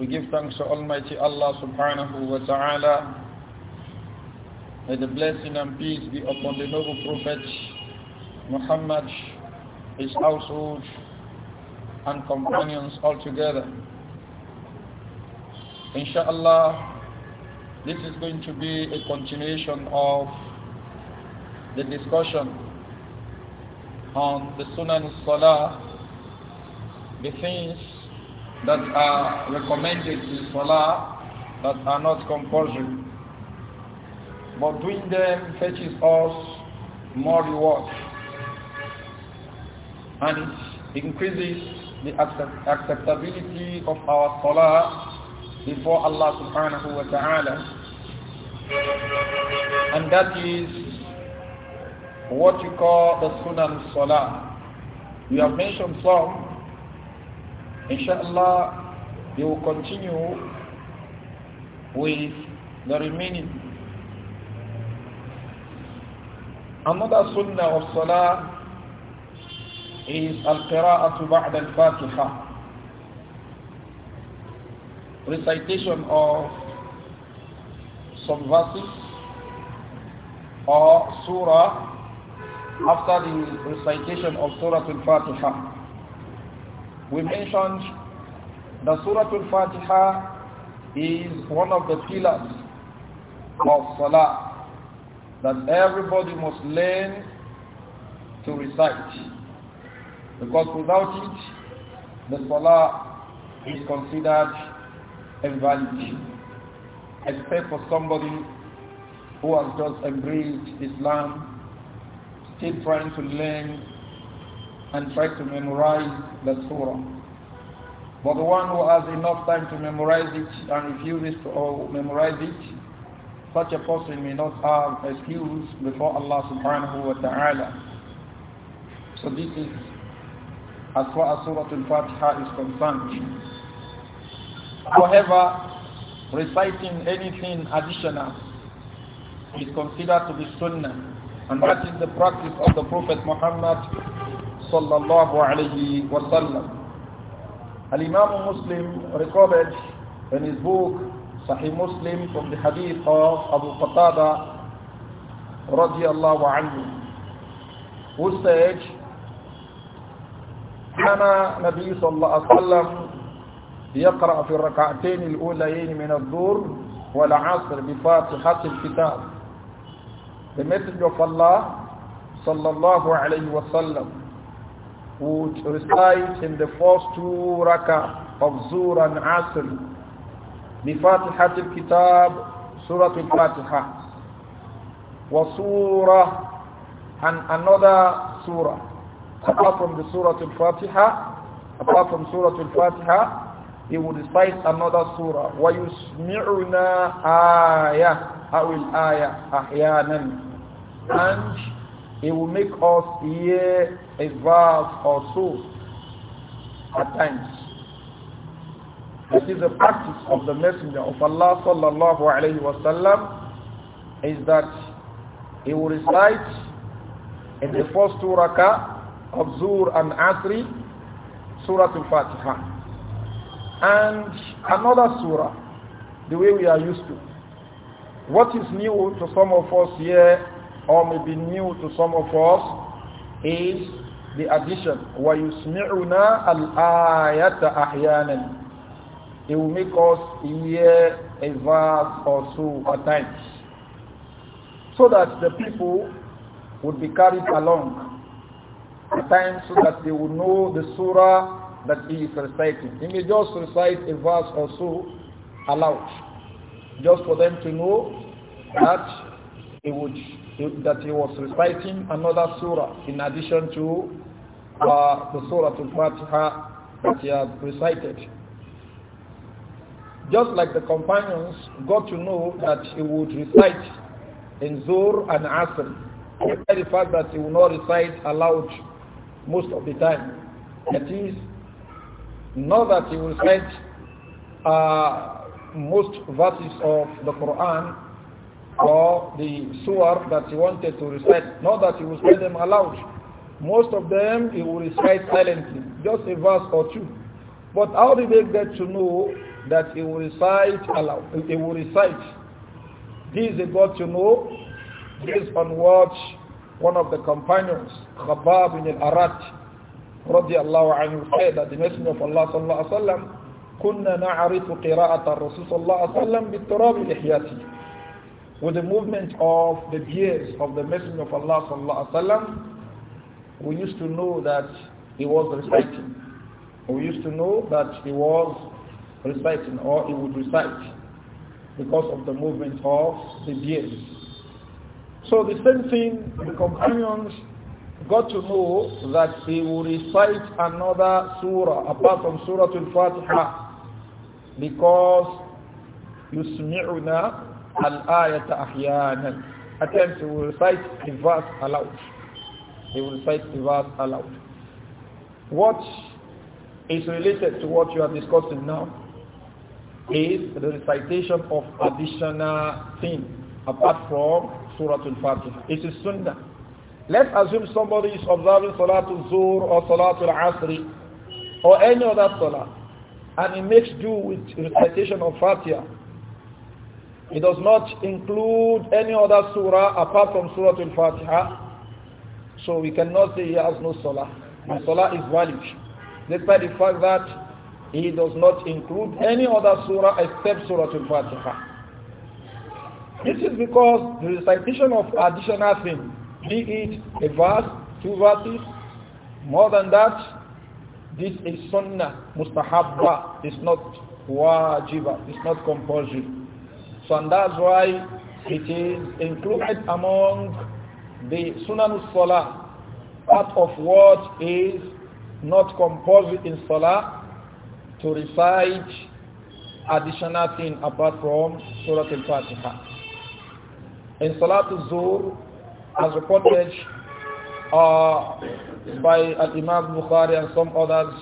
We give thanks to Almighty Allah subhanahu wa ta'ala. May the blessing and peace be upon the noble Prophet Muhammad, his household and companions altogether. Inshallah, this is going to be a continuation of the discussion on the Sunan Salah, the things that are recommended in Salah that are not compulsory. But doing them fetches us more reward. And it increases the accept acceptability of our Salah before Allah subhanahu wa ta'ala. And that is what you call the Sunan Salah. We have mentioned some Inshallah, we will continue with the remaining. Another sunnah of salah is al-qira'atu ba'da al-fatiha. Recitation of some verses or surah after the recitation of surah al-fatiha. We mentioned the Surah Al-Fatiha is one of the pillars of Salah that everybody must learn to recite. Because without it, the Salah is considered invalid, except for somebody who has just embraced Islam, still trying to learn and try to memorize the surah. But the one who has enough time to memorize it and refuses to memorize it, such a person may not have excuse before Allah subhanahu wa ta'ala. So this is as far as Surah Al-Fatiha is concerned. However, reciting anything additional is considered to be sunnah and that is the practice of the Prophet Muhammad صلى الله عليه وسلم الإمام مسلم ريكوبج in his صحيح مسلم from the أبو قطادة رضي الله عنه who كان نبي صلى الله عليه وسلم يقرأ في الركعتين الأولين من الظهر والعصر بفاتحة الكتاب The Messenger صلى الله عليه وسلم would recite in the first two rakah of Zuhr and Asr بفاتحة الكتاب سورة الفاتحة وسورة and another surah apart from the surah al-fatiha apart from surah al-fatiha he would recite another surah ويسمعنا ayah, awil ayah? أحيانا and it will make us hear a verse or so at times. This is a practice of the Messenger of Allah sallallahu alayhi wasallam is that he will recite in the first two rakah of Zur and Asri, Surah Al-Fatiha. And another surah, the way we are used to. What is new to some of us here or may be new to some of us is the addition al الْآيَةَ أَحْيَانًا It will make us hear a verse or two at times so that the people would be carried along at times so that they would know the surah that he is reciting. He may just recite a verse or so aloud just for them to know that he would that he was reciting another surah in addition to uh, the surah al-Fatiha that he had recited. Just like the companions got to know that he would recite in Zur and Asr, despite the fact that he would not recite aloud most of the time. That is, not that he will recite uh, most verses of the Quran, or the surah that he wanted to recite. Not that he would say them aloud. Most of them he would recite silently, just a verse or two. But how did they get to know that he would recite aloud? He would recite. This they got to know based on what one of the companions, Khabbab bin al-Arat, radiallahu anhu, said that the Messenger of Allah sallallahu alaihi wasallam, كنا نعرف قراءة الرسول صلى الله عليه وسلم بالتراب لحياته with the movement of the beards of the Messenger of Allah sallallahu alaihi wasallam, we used to know that he was reciting. We used to know that he was reciting or he would recite because of the movement of the beards. So the same thing, the companions got to know that he will recite another surah apart from Surah Al-Fatiha because يسمعنا al-ayata ahyanan. At times recite the verse aloud. They will recite the verse aloud. What is related to what you are discussing now is the recitation of additional things apart from Surah Al-Fatiha. It is Sunnah. Let's assume somebody is observing Salat al Zuhr or Salat al Asri or any other Salah and he makes do with recitation of Fatiha it does not include any other surah apart from Surah Al-Fatiha. So we cannot say he has no salah. The salah is valid. Despite the fact that he does not include any other surah except Surah Al-Fatiha. This is because the recitation of additional things, be it a verse, two verses, more than that, this is sunnah, mustahabba, it's not wajiba, it's not compulsory. So and that's why it is included among the Sunan Salah, part of what is not compulsory in Salah to recite additional thing apart from Surah Al-Fatiha. In Salat zuhr as reported uh, by Al-Imam Bukhari and some others,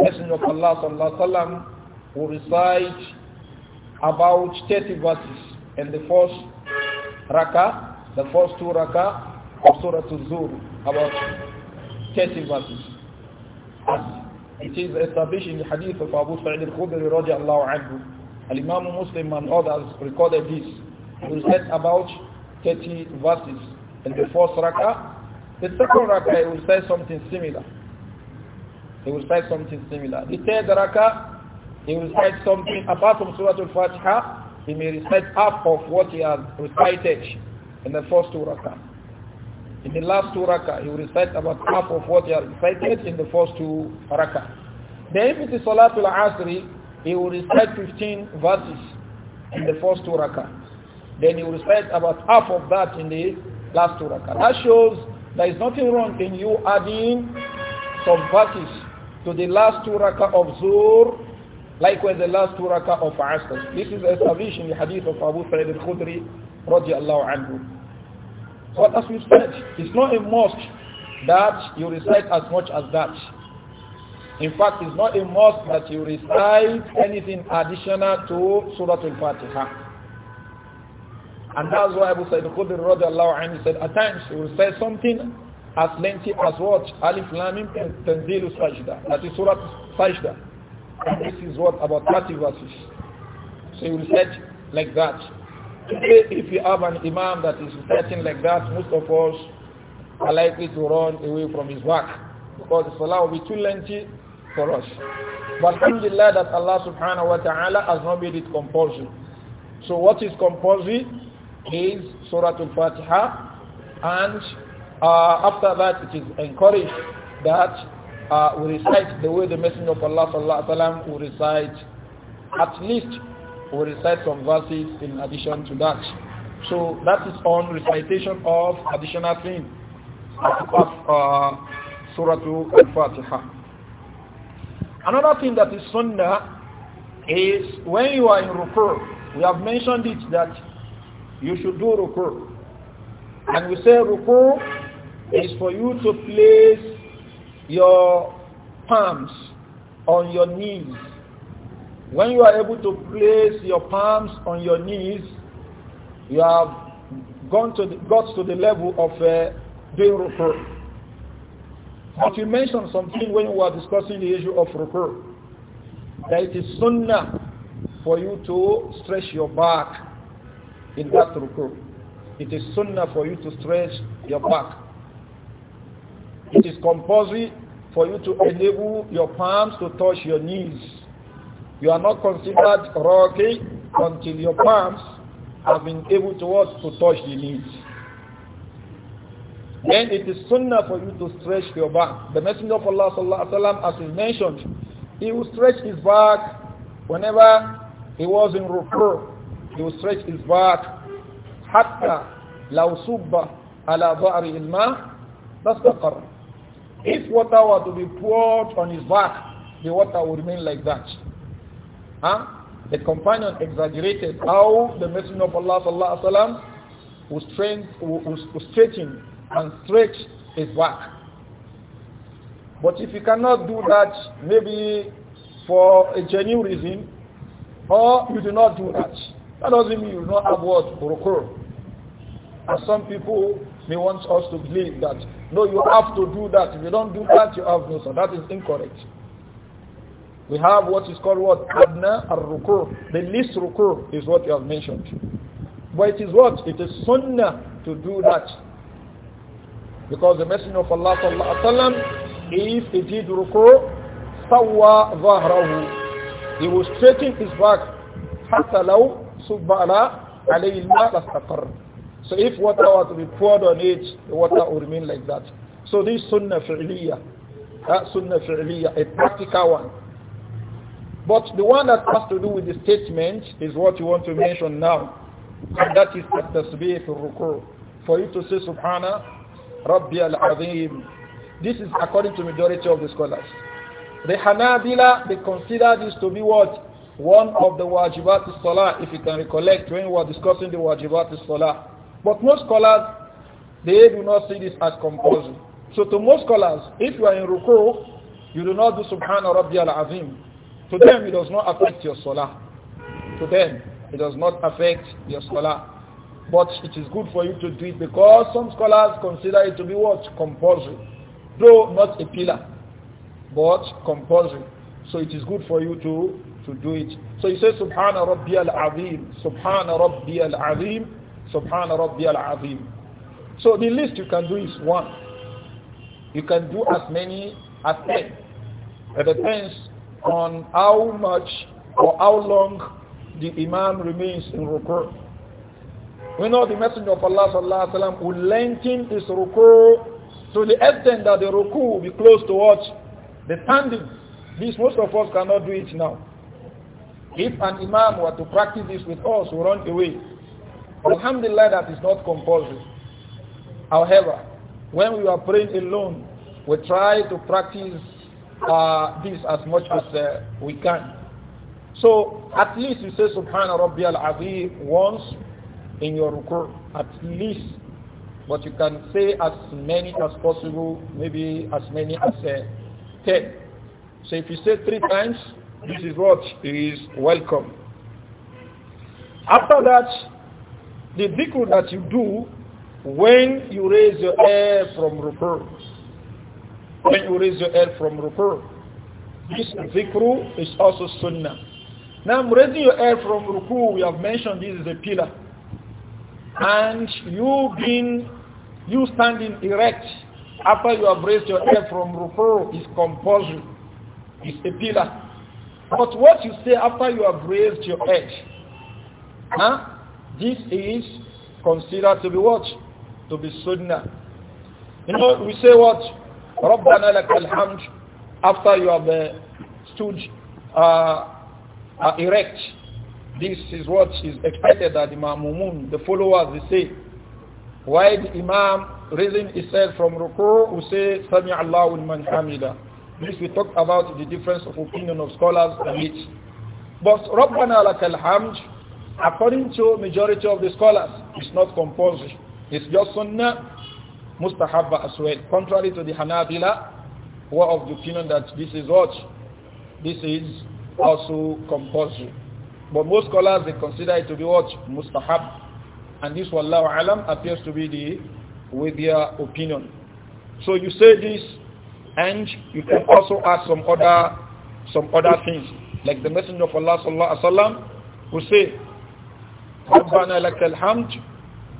Messenger of Allah sallallahu alaihi wasallam will recite about 30 verses in the first raka, the first two raka of Surah Al-Zur, about 30 verses. It is established in the hadith of Abu Sa'id al-Khudri radiyallahu anhu. Al-Imam Muslim and others recorded this. We said about 30 verses in the first raka. The second raka, he will say something similar. He will say something similar. The third raka, he will recite something apart from Surah Al-Fatiha. He may recite half of what he has recited in the first two rakah. In the last two rakah, he will recite about half of what he has recited in the first two rakah. Then if it is Salatul Asri, he will recite 15 verses in the first two rakah. Then he will recite about half of that in the last two rakah. That shows there is nothing wrong in you adding some verses to the last two rakah of Zuhr Likewise, the last two rakah of Asr. This is established in the hadith of Abu Sa'id al-Khudri radiallahu anhu. But as we said, it's not a must that you recite as much as that. In fact, it's not a must that you recite anything additional to Surah Al-Fatiha. And that's why Abu Sa'id al-Khudri radiallahu anhu said, at times you recite something as lengthy as what? Alif Lamim Tanzilu Sajda. That is Surah Sajda this is what about 30 verses. So you recite like that. Today, if you have an imam that is reciting like that, most of us are likely to run away from his work because the salah will be too lengthy for us. But alhamdulillah that Allah subhanahu wa ta'ala has not made it compulsory. So what is compulsory is Surah Al-Fatiha and uh, after that it is encouraged that uh, we recite the way the Messenger of Allah sallallahu will recite. At least we recite some verses in addition to that. So that is on recitation of additional things of uh, Surah Al-Fatiha. Another thing that is sunnah is when you are in rukur, we have mentioned it that you should do rukur. And we say rukur is for you to place your palms on your knees. When you are able to place your palms on your knees, you have gone to the, got to the level of uh, doing rukur. But you mentioned something when we were discussing the issue of rukur. That it is sunnah for you to stretch your back in that rukur. It is sunnah for you to stretch your back. It is compulsory for you to enable your palms to touch your knees. You are not considered rocky until your palms have been able to, what, to touch the knees. Then it is sunnah for you to stretch your back. The Messenger of Allah sallallahu alaihi wasallam, as is mentioned, he would stretch his back whenever he was in rukur. He would stretch his back. حتى لو صب على ظهر الماء لاستقر if water were to be poured on his back, the water would remain like that. Huh? The companion exaggerated how the Messenger of Allah sallallahu alaihi wasallam was, stretching and stretched his back. But if you cannot do that, maybe for a genuine reason, or you do not do that, that doesn't mean you do not have what rukur. As some people he wants us to believe that, no, you have to do that. If you don't do that, you have no son. That is incorrect. We have what is called what? Adna al-rukur. The least rukur is what you have mentioned. But it is what? It is sunnah to do that. Because the Messenger of Allah sallallahu alayhi wa if he did rukur, sawa zahrahu. He will straighten his back. حتى لو صب على عليه الماء لاستقر so if water were to be poured on it, the water would remain like that. So this sunnah fi'liyah, that sunnah fi'liyah, a practical one. But the one that has to do with the statement is what you want to mention now. And that is at tasbih ruku For you to say subhana rabbi al-azim. This is according to majority of the scholars. The Hanabila, they consider this to be what? One of the wajibat salah, if you can recollect when we were discussing the wajibat salah. But most scholars, they do not see this as compulsory. So to most scholars, if you are in ruku, you do not do subhana rabbi al-azim. To them, it does not affect your salah. To them, it does not affect your salah. But it is good for you to do it because some scholars consider it to be what? Compulsory. Though not a pillar, but compulsory. So it is good for you to, to do it. So you say, Subhana Rabbi al-Azim, Subhana Rabbi al-Azim, Subhan Rabbiyal Azim. So the least you can do is one. You can do as many as ten. It depends on how much or how long the Imam remains in ruku'. We know the Messenger of Allah sallallahu alaihi wasallam will lengthen his ruku' to the extent that the ruku' will be close to what? The standing. This most of us cannot do it now. If an imam were to practice this with us, we run away. Alhamdulillah, that is not compulsory. However, when we are praying alone, we try to practice uh, this as much as uh, we can. So at least you say Subhana Rabbi al once in your rukur, at least. But you can say as many as possible, maybe as many as uh, 10. So if you say three times, this is what is welcome. After that, the dhikr that you do when you raise your head from rupur When you raise your head from rupur This dhikr is also sunnah. Now raising your head from ruku, we have mentioned this is a pillar. And you being, you standing erect after you have raised your head from ruku is compulsory. It's a pillar. But what you say after you have raised your head, huh? This is considered to be what? To be sunnah. You know, we say what? رَبَّنَا al-hamd." After you have uh, stood uh, uh, erect, this is what is expected that the Ma'mumun, the followers, they say. Why the Imam raising himself from ruku?" who say, Sami Allahu man hamida. This we talk about the difference of opinion of scholars and it. But رَبَّنَا al-hamd according to majority of the scholars, it's not compulsory. It's just sunnah, mustahabba as well. Contrary to the Hanabila, who are of the opinion that this is what? This is also compulsory. But most scholars, they consider it to be what? Mustahab. And this, wallahu alam, appears to be the, with their opinion. So you say this, and you can also ask some other, some other things. Like the Messenger of Allah sallallahu alaihi wasallam who say, ربنا لك الحمد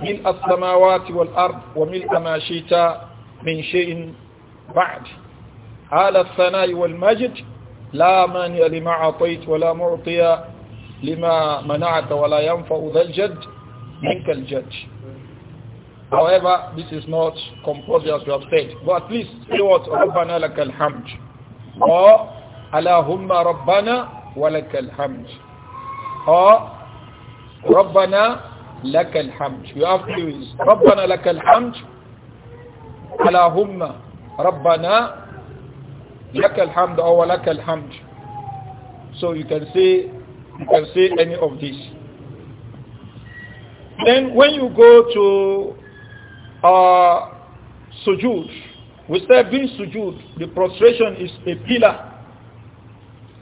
من السماوات والأرض ومن ما شئت من شيء بعد على الثناء والمجد لا مانع لما أعطيت ولا معطي لما منعت ولا ينفع ذا الجد منك الجد However, this is not composed as we have said. But at least say what ربنا لك الحمد or اللهم ربنا ولك الحمد or Rabbana lakal hamd. You have to use Rabbana lakal hamd. Allahumma Rabbana lakal hamd or lakal hamd. So you can say you can say any of these. Then when you go to uh, sujood, we said being sujood, the prostration is a pillar.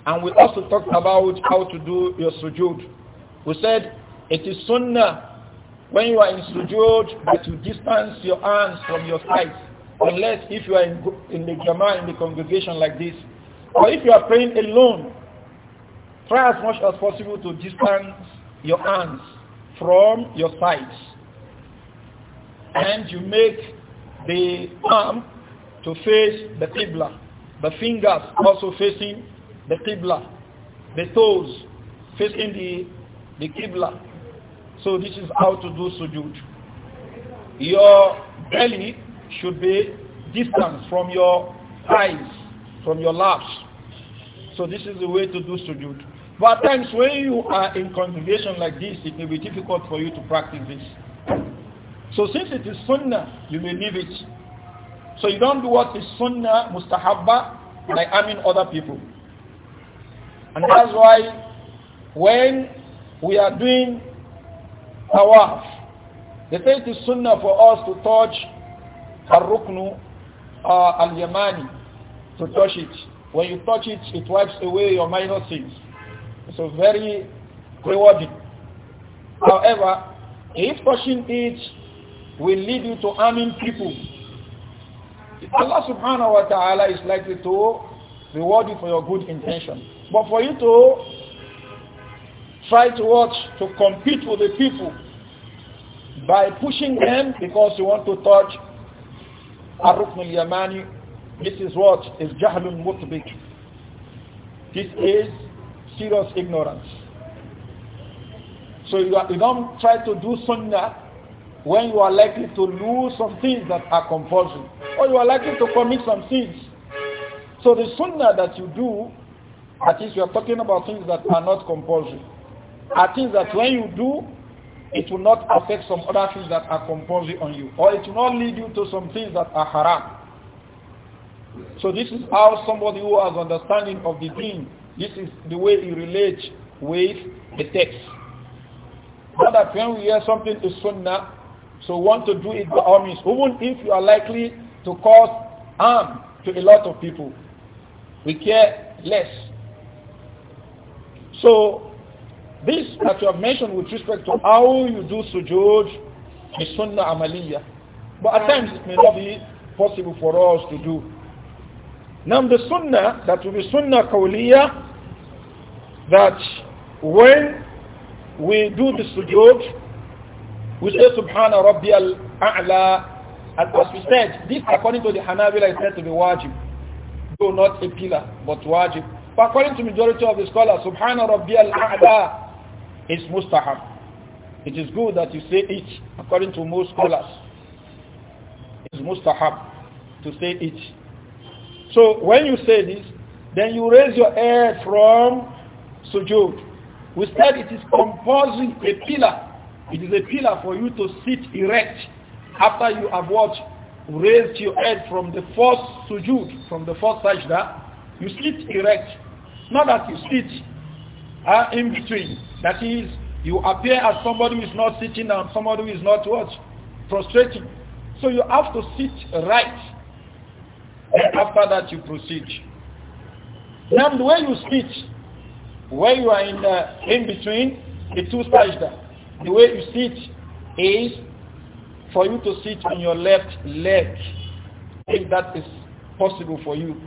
And we also talked about how to do your sujood. We said it is sunnah when you are in sujood that you distance your hands from your sides unless if you are in, in the jama'ah in the congregation like this or if you are praying alone try as much as possible to distance your hands from your sides and you make the palm to face the qibla the fingers also facing the qibla the toes facing the the qibla so this is how to do sujood. Your belly should be distant from your eyes, from your laps. So this is the way to do sujood. But at times when you are in congregation like this, it may be difficult for you to practice this. So since it is sunnah, you may leave it. So you don't do what is sunnah, mustahabba, like harming other people. And that's why when we are doing tawaf. They say it is sunnah for us to touch al-ruknu uh, al-yamani, to touch it. When you touch it, it wipes away your minor sins. So very rewarding. However, if touching it will lead you to harming people, Allah subhanahu wa ta'ala is likely to reward you for your good intention. But for you to try to watch, to compete with the people by pushing them because you want to touch Arukn al-Yamani. This is what is Jahlun Mutbik. This is serious ignorance. So you, are, you don't try to do sunnah when you are likely to lose some things that are compulsory or you are likely to commit some sins. So the sunnah that you do, at least you are talking about things that are not compulsory are things that when you do, it will not affect some other things that are compulsory on you, or it will not lead you to some things that are haram. So this is how somebody who has understanding of the deen, this is the way he relates with the text. Not that when we hear something is sunnah, so want to do it by all means, even if you are likely to cause harm to a lot of people. We care less. So this that you have mentioned with respect to how you do sujood is sunnah amaliyah. But at times it may not be possible for us to do. Now the sunnah, that will be sunnah kawliyah that when we do the sujood, we say subhana rabbi al-a'la. as we said, this according to the Hanabila is said to be wajib. Though not a pillar, but wajib. But according to majority of the scholars, subhana rabbi al-a'la it's mustahab. It is good that you say it according to most scholars. It's mustahab to say it. So when you say this, then you raise your head from sujood. We said it is composing a pillar. It is a pillar for you to sit erect after you have what? Raised your head from the first sujood, from the first sajda. You sit erect. Not that you sit uh, in between. That is, you appear as somebody who is not sitting and somebody who is not what? frustrating. So you have to sit right. And after that you proceed. Now the way you sit, where you are in, uh, in between the two sajda, the way you sit is for you to sit on your left leg, if that is possible for you,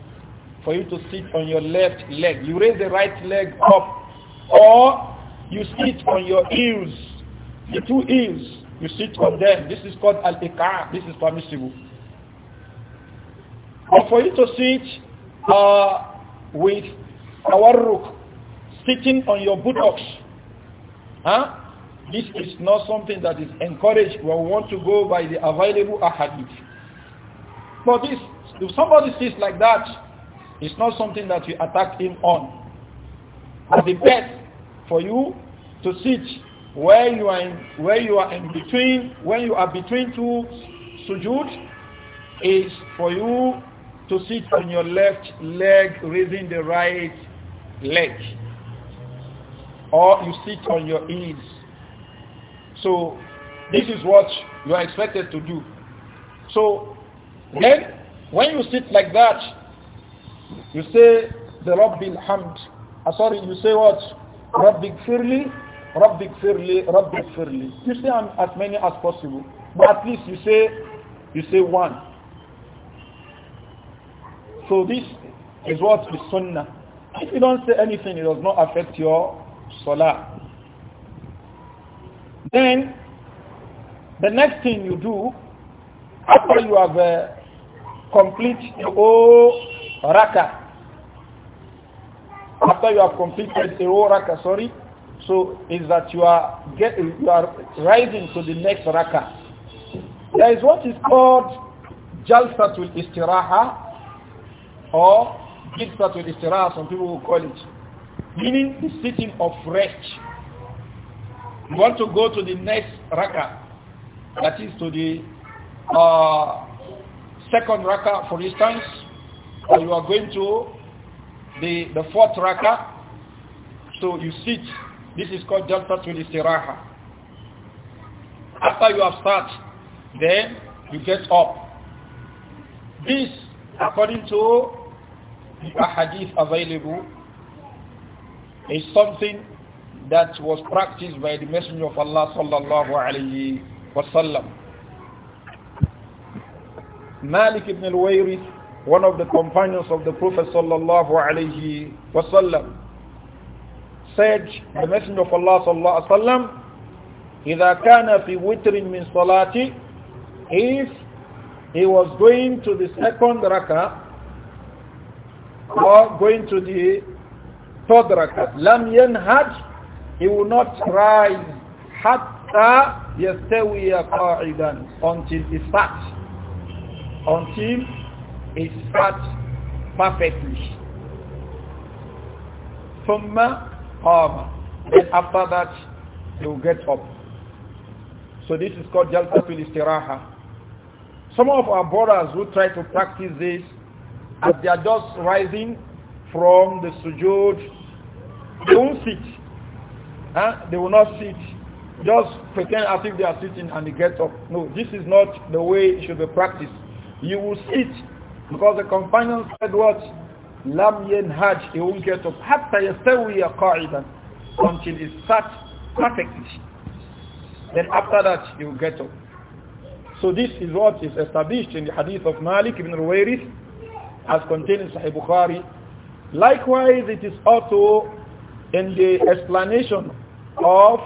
for you to sit on your left leg. You raise the right leg up or you sit on your heels, the two heels, you sit on them. This is called al-ikah. This is permissible. But for you to sit uh, with tawarruk, sitting on your buttocks, huh? this is not something that is encouraged we want to go by the available ahadith. But this, if somebody sits like that, it's not something that we attack him on as a bed for you to sit where you are in, where you are in between when you are between two sujud is for you to sit on your left leg raising the right leg or you sit on your knees so this is what you are expected to do so then when you sit like that you say the rabbil hamd sorry, you say what? Rabbik firli, Rabbik firli, Rabbik firli. You say as many as possible. But at least you say, you say one. So this is what is sunnah. If you don't say anything, it does not affect your salah. Then, the next thing you do, after you have uh, complete the whole rakah, after you have completed a row raka, sorry, so is that you are get, you are rising to the next raka. There is what is called jalsatul istiraha or jalsatul istiraha, some people will call it, meaning the sitting of rest. You want to go to the next raka, that is to the uh, second raka, for instance, or you are going to the, the fourth raka, so you sit. This is called Jalsatul Istiraha. After you have sat, then you get up. This, according to the hadith available, is something that was practiced by the Messenger of Allah sallallahu alayhi wa sallam. Malik ibn al-Wayrith one of the companions of the Prophet sallallahu alaihi wasallam, said, the Messenger of Allah sallallahu alaihi wasallam, إذا كان في وتر من صلاتي, if he was going to the second rakah or going to the third rakah, لم ينهج, he will not rise hatta يستوي qaidan until he starts, until his part perfectly. ثم قام then after that you get up so this is called jalsatul istiraha some of our brothers who try to practice this as they are just rising from the sujood they won't sit huh? they will not sit just pretend as if they are sitting and they get up no this is not the way it should be practiced you will sit because the companion said what? Lam yanhaj, he won't get up. Hatta yastawiya qa'idan. Until it's sat perfectly. Then after that, he will get up. So this is what is established in the hadith of Malik ibn Ruwairis as contained in Sahih Bukhari. Likewise, it is also in the explanation of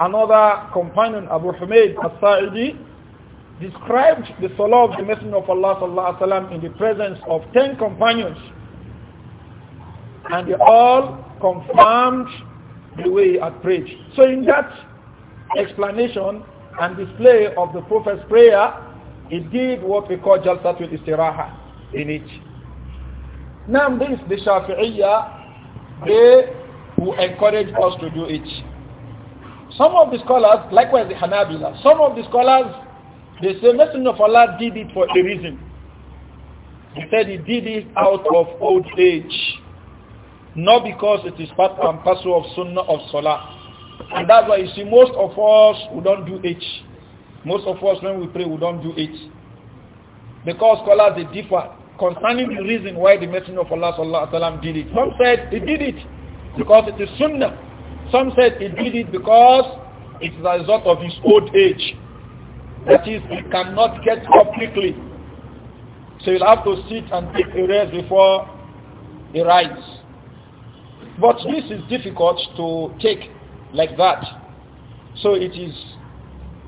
another companion, Abu Humayd al-Sa'idi, described the salah of the Messenger of Allah sallallahu alaihi wasallam in the presence of ten companions, and they all confirmed the way he had prayed. So in that explanation and display of the Prophet's prayer, he did what we call Jalsatul Istiraha in it. Now this, the Shafi'iyya, they who encourage us to do it. Some of the scholars, likewise the Hanabila, some of the scholars they say Messenger of Allah did it for a reason. He said he did it out of old age. Not because it is part and parcel of sunnah of salah. And that's why you see most of us, we don't do it. Most of us when we pray, we don't do it. Because scholars, they differ concerning the reason why the Messenger of Allah sallallahu sallam, did it. Some said he did it because it is sunnah. Some said he did it because it's the result of his old age. That is, you cannot get up quickly. So you will have to sit and take a rest before he rides. But this is difficult to take like that. So it is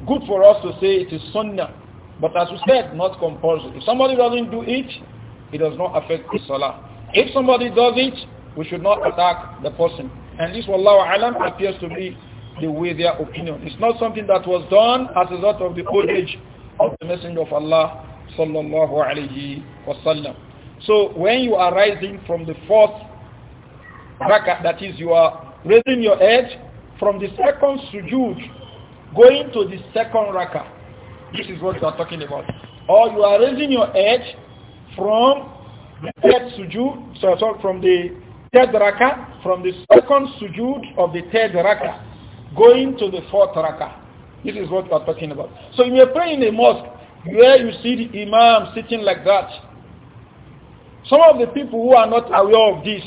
good for us to say it is sunnah. But as we said, not compulsory. If somebody doesn't do it, it does not affect the salah. If somebody does it, we should not attack the person. And this, wallahu alam, appears to be the way their opinion. It's not something that was done as a result of the old age of the Messenger of Allah sallallahu alayhi wasallam. So when you are rising from the fourth rakah, that is you are raising your head from the second sujood going to the second rakah. This is what you are talking about. Or you are raising your head from the third sujood, so, from the third rakah, from the second sujood of the third rakah going to the fourth rakah. This is what we are talking about. So you may pray in a mosque where you see the imam sitting like that. Some of the people who are not aware of this,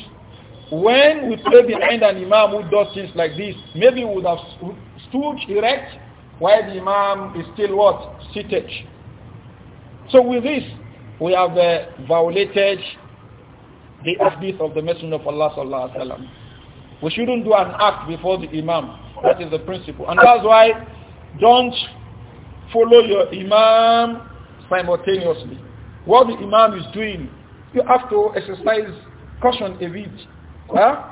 when we pray behind an imam who does things like this, maybe we would have stood erect while the imam is still what? Seated. So with this, we have uh, violated the hadith of the Messenger of Allah sallallahu alaihi wasallam. We shouldn't do an act before the imam. That is the principle. And that's why don't follow your imam simultaneously. What the imam is doing, you have to exercise caution a bit. Huh?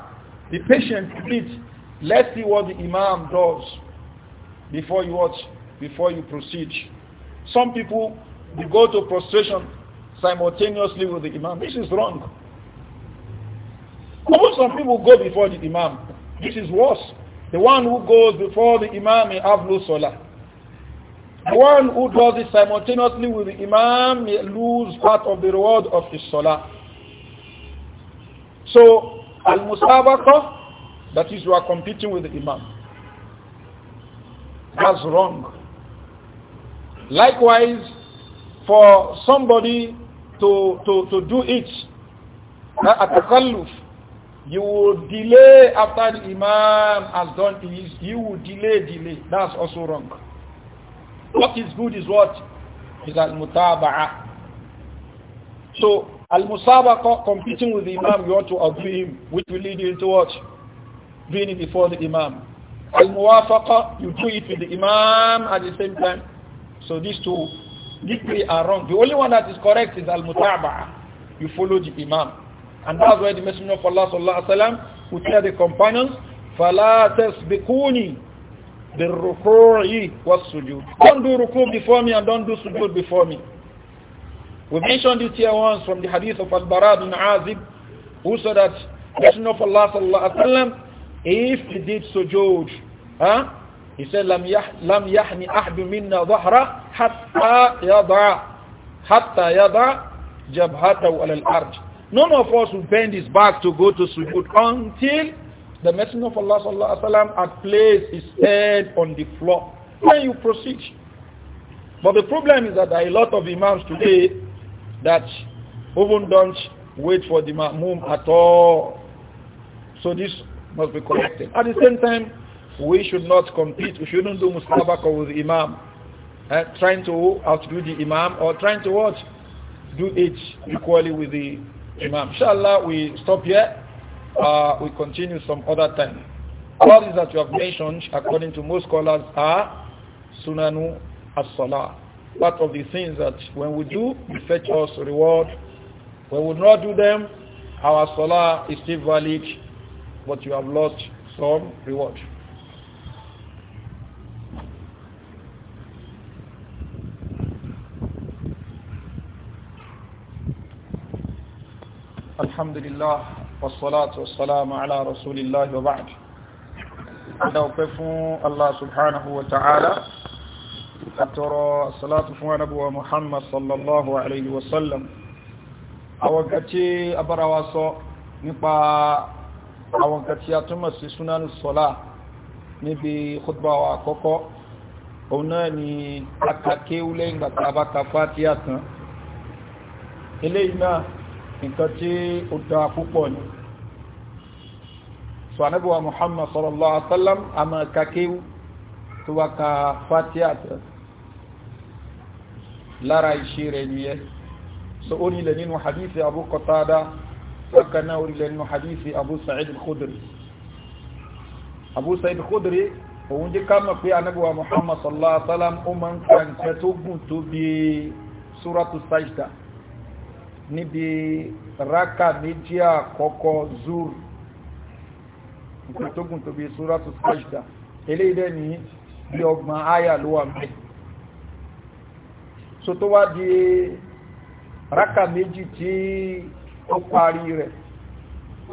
Be patient a bit. Let's see what the imam does before you watch, before you proceed. Some people they go to prostration simultaneously with the imam. This is wrong. some people go before the imam. This is worse. The one who goes before the imam may have no salah. The one who does it simultaneously with the imam may lose part of the reward of his salah. So, al-musabaqah, that is you are competing with the imam. That's wrong. Likewise, for somebody to, to, to do it, at the you will delay after the Imam has done his. You will delay, delay. That's also wrong. What is good is what? Is al-mutabaa. So, al-musabaqa, competing with the Imam, you want to agree him, which will lead you to what? Being before the Imam. Al-muwafaqa, you do it with the Imam at the same time. So these two deeply are wrong. The only one that is correct is al mutabaa You follow the Imam. And that's why the Messenger of Allah sallallahu alaihi wasallam would tell the companions, فَلَا تَسْبِقُونِي بِالرُّكُوعِ وَالسُّجُودِ Don't do ruku before me and don't do sujood before me. We mentioned this here once from the hadith of Al-Bara bin Azib, who said that the Messenger of Allah sallallahu alaihi wasallam if he did sujood, huh? he said, لَمْ, يح, لم يحني أحد منا ظهره حتى يضع حتى يضع جبهته على الأرض None of us will bend his back to go to sujood until the Messenger of Allah sallallahu alaihi wasallam had placed his head on the floor. Then you proceed. But the problem is that there are a lot of imams today that even don't wait for the ma'mum at all. So this must be corrected. At the same time, we should not compete. We shouldn't do mustabaka with the imam. Uh, trying to outdo the imam or trying to what? Do it equally with the Imam. Inshallah, we stop here. Uh, we continue some other time. All these that you have mentioned, according to most scholars, are sunanu as-salah. Part of the things that when we do, we fetch us reward. When we not do them, our salah is still valid, but you have lost some reward. الحمد لله والصلاة والسلام على رسول الله وبعد أدوقف الله سبحانه وتعالى أترى الصلاة فوانبوى محمد صلى الله عليه وسلم أوقتي أبرواصو نقبى أوقتي أتمسي سنان الصلاة نبي خطبة وكوكو هنا ni akakéwú lẹ́yìn gbàtàbákà fàtíyàtàn nǹkan tí ó dáa púpọ̀ ni so muhammad sallallahu alaihi wasallam a máa ka kéwú tó wá ka fatiha tẹ́ lára iṣẹ́ rẹ̀ nìyẹn so ó nílẹ̀ nínú hadithi abu qatada bákan náà ó nílẹ̀ nínú hadithi abu sa'id al-khudri abu sa'id al-khudri òun jẹ́ ká pé anábíwa muhammad sallallahu alaihi wasallam ó máa ń ka nǹkan tó bí suratu sajda níbi rákà méjì àkọ́kọ́ zur nǹkan tó gùn tó bí suratu sajda eléyìí dẹ̀ ní bí ọgbọ̀n àyà ló wà mẹ́ so tó wá di rákà méjì tí ó parí rẹ̀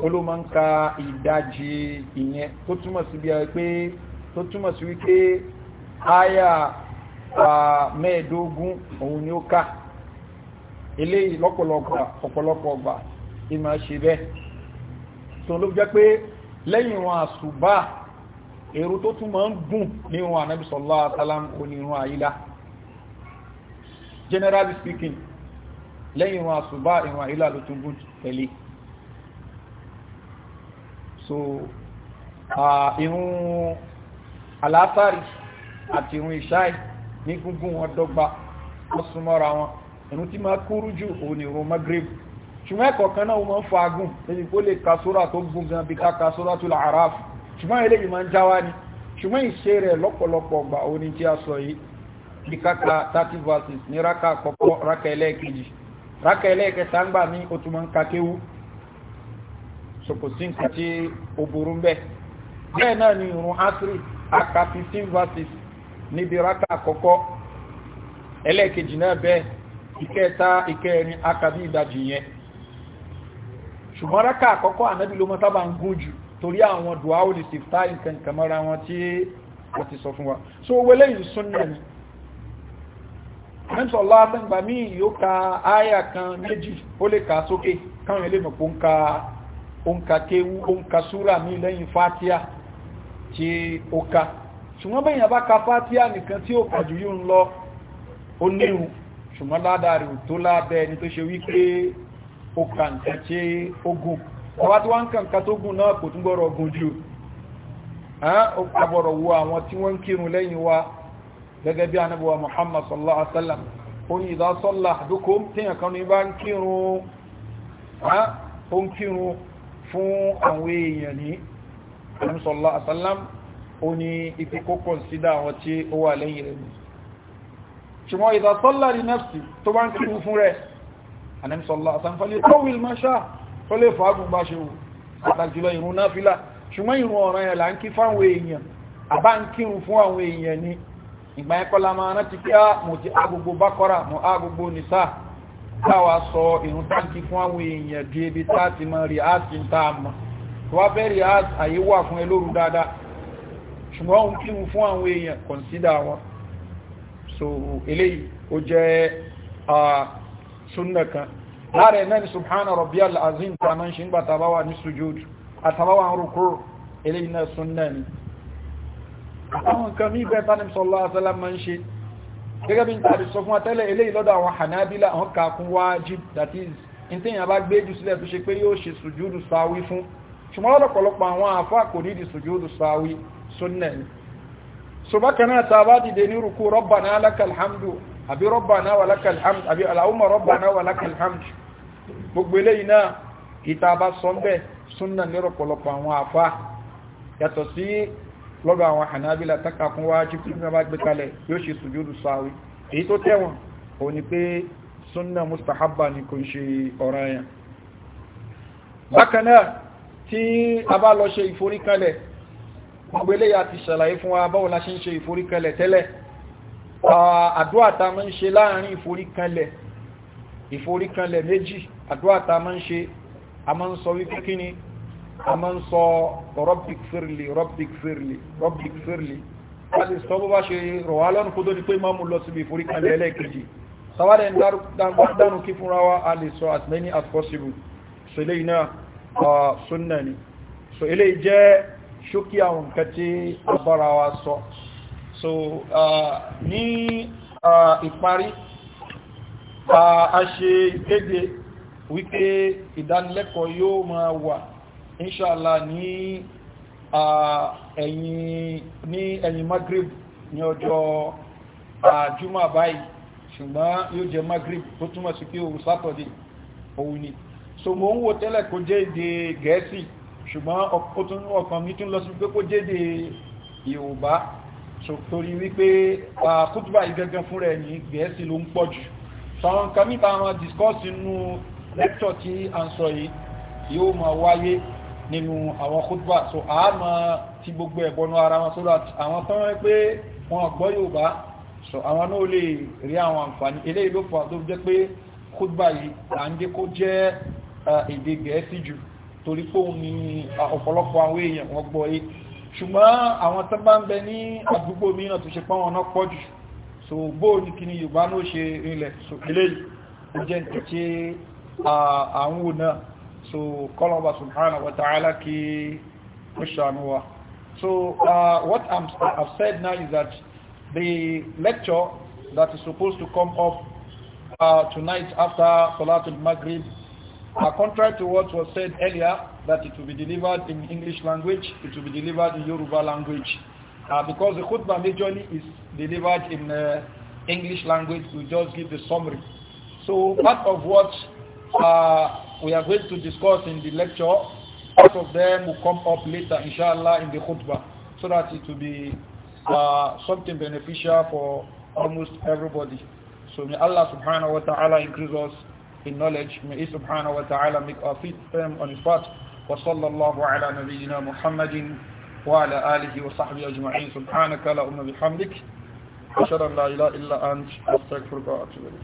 olómọ́nká ìdajì ìyẹn tó túmọ̀ sí bí pé tó túmọ̀ sí wípé àyà mẹ́ẹ̀dógún òun ni ó ká eléyìí lọ́pọ̀lọpọ̀ ọ̀pọ̀lọpọ̀ ọgbà ìmọ̀ ṣe bẹ́ẹ̀ tó ló jẹ́ pé lẹ́yìn wọn àṣùbá èrò tó tún máa ń gùn ní wọn ànábì sallallahu alaihi wasallam onírun àyílá generally speaking lẹ́yìn wọn àṣùbá ìrun àyílá ló tún gùn tẹ̀lé so ìrun àlátàrí àti ìrun ìṣáì ní gúngún wọn dọ́gba wọ́n súnmọ́ra wọn ẹ̀rùn tí máa kúrú jù òun ìrùn magrib ṣùgbọ́n ẹ̀kọ̀ kan náà wọ́n fa agùn lẹ́yìn ó lè ka sóra tó gùn gan bí ká ka sóra tó la araf ṣùgbọ́n eléyìí máa ń já wá ni ṣùgbọ́n ìṣe rẹ̀ lọ́pọ̀lọpọ̀ ọgbà orin tí a sọ yìí bí ká ka thirty verses ní raka àkọ́kọ́ raka ẹlẹ́ẹ̀kejì raka ẹlẹ́ẹ̀kẹta ń gbà ní o tún máa ń ka kéwú asiri aka fifteen verses níbi raka àkọ́kọ́ ẹlẹ́ẹ̀kejì náà bẹ́ẹ̀ ìkẹta ìkẹrin akàbí ìdajì yẹn ṣùgbọ́n rákà àkọ́kọ́ ànábì ló mọ́ sábà ń gún jù torí àwọn duwawo lè ti fta nǹkan kàmọ́ra wọn tí wọ́n ti sọ fún wa so owó lẹ́yìn súnnà ni mẹ́sàn látàgbà mí yóò ka áyà kan méjì ó lè ka sókè káwọn ilé mọ̀ pé ó ń ka kéwú ó ń ka súra mí lẹ́yìn ṣùgbọ́n bẹ́yìn bá ka nìkan tí ó kà jù ń lọ ó ṣùgbọ́n ládàrí tó lábẹ́ ni tó ṣe wípé ó kàǹkà ṣe ogun ọwá tí wọ́n ń kàǹkà tó gùn náà kò tún gbọ́rọ̀ ogun jù àbọ̀rọ̀ wo àwọn tí wọ́n ń kírun lẹ́yìn wa gẹ́gẹ́ bí anábọ̀wà Muhammad sallallahu alaihi wasallam ó ní idha salla ahadukum téèyàn kan ní bá ń kírun ó ń kírun fún àwọn èèyàn ní sallallahu alaihi wasallam ó ṣùgbọ́n ìdàtọ́lá ní nẹ́fsì tó bá ń kí fún rẹ̀ anẹ́mìsọ́lá àtàǹfàlẹ̀ tọ́wìl máṣá tó lè fàágùn bá ṣe wù àtàjùlọ ìrún náà fílà ṣùgbọ́n ìrún ọ̀ràn ẹ̀là ń kí fáwọn èèyàn àbá ń kírun fún àwọn èèyàn ni ìgbà ẹ̀kọ́lá máa rántí pé ah, mo ti agogo bákọ́rà mo agogo nìsá táwa sọ ìrún táǹkì fún so eléyìí ó jẹ́ sunna kan láàrẹ̀ náà ni subhana rabbiyal azim tàná ṣe ń gbà tàbáwà ní sujúd àtàbáwà ń rúkú eléyìí náà sunna ni àwọn kan ní ibẹ̀ tánìm sallallahu alaihi wasallam máa ń ṣe gẹ́gẹ́ bí n that is in tí ìyàn bá gbé jù sílẹ̀ tó ṣe pé yóò ṣe sujúdù sáwí fún ṣùgbọ́n lọ́pọ̀lọpọ̀ sunna ni so bákan náà tá a bá dìde ní rúkú rabbana lakal hamdu àbí rabbana wa lakal hamdu àbí allahumma rabbana wa lakal hamdu gbogbo eléyìí náà ìta bá sọ bẹ́ẹ̀ súnà ní ọ̀pọ̀lọpọ̀ àwọn àfá yàtọ̀ sí lọ́dọ̀ àwọn hanabila taka fún wá jí fún bá gbé kalẹ̀ yóò ṣe sùjúdù sáwí èyí tó tẹ́wọ̀n ò ní pé súnà mustahabba ni kò ń ṣe ọ̀ranyàn bákan náà tí a bá lọ ṣe ìforíkalẹ̀ gbogbo ilé ya ti ṣàlàyé fún wa báwo la ṣe ń ṣe ìforíkanlẹ̀ tẹ́lẹ̀ àdúrà tá ń ṣe láàrin ìforíkanlẹ̀ méjì àdúrà tá ń ṣe a máa ń sọ wípé kí ni a máa ń sọ rọ́bìk fírìlì rọ́bìk fírìlì rọ́bìk fírìlì a lè sọ bó bá ṣe rọ̀ wá lọ́nà kó tó di pé máa mú lọ síbi ìforíkanlẹ̀ ẹlẹ́ẹ̀kejì sáwádẹ̀ sunna ni so eléyìí ṣókí àwọn nǹkan tí agbára wa sọ so ní ìparí a ṣe ìkéde wípé ìdánilẹ́kọ̀ọ́ yóò máa wà inṣàlá ní ẹ̀yìn ní ẹ̀yìn Maghrib ní ọjọ́ àjúmà báyìí ṣùgbọ́n yóò jẹ Maghrib tó túnmọ̀ sí pé òun sátọ̀dé òun ni so mo ń wo tẹ́lẹ̀ kó jẹ́ èdè gẹ̀ẹ́sì ṣùgbọ́n ó tún ọkàn mi tún lọ sí pé kó jéde Yorùbá torí wípé kútùbà ìgẹ́gẹ́ fún rẹ̀ ní gẹ̀ẹ́sì ló ń pọ̀ jù sọ́n kàmítà àwọn discourse inú lecture tí a ń sọ yìí yóò máa wáyé nínú àwọn kútùbà so a máa ti gbogbo ẹ̀bọnú ara wọn sódà àwọn tán rẹ̀ pé wọn gbọ́ Yorùbá so àwọn náà lè rí àwọn àǹfààní eléyìí ló fà tó jẹ́ pé kútùbà yìí à ń dé kó jẹ́ èdè gẹ̀ẹ́sì jù torí pé òun ni ọ̀pọ̀lọpọ̀ àwọn èèyàn wọ́n gbọ́ yé ṣùgbọ́n àwọn tó bá ń bẹ ní àdúgbò mìíràn tó ṣe pọ́n wọn náà pọ̀ jù so bó ní kí ni yorùbá náà ṣe rinlẹ̀ so eléyìí ó jẹ́ àwọn ò so kọ́lọ́ba subhanahu wa ta'ala kí ó ṣàánú wa so uh, what I'm, I've said now is that the lecture that is supposed to come up uh, tonight after Salatul Maghrib contrary to what was said earlier, that it will be delivered in English language, it will be delivered in Yoruba language. Uh, because the khutbah majorly is delivered in uh, English language, we just give the summary. So part of what uh, we are going to discuss in the lecture, part of them will come up later, inshallah, in the khutbah, so that it will be uh, something beneficial for almost everybody. So may Allah subhanahu wa ta'ala increase us in knowledge. May He subhanahu wa ta'ala make our feet firm on His path. وصلى الله على نبينا محمد وعلى آله وصحبه أجمعين سبحانك لا أم بحمدك أشهد أن لا إله إلا أنت أستغفرك وأتوب إليك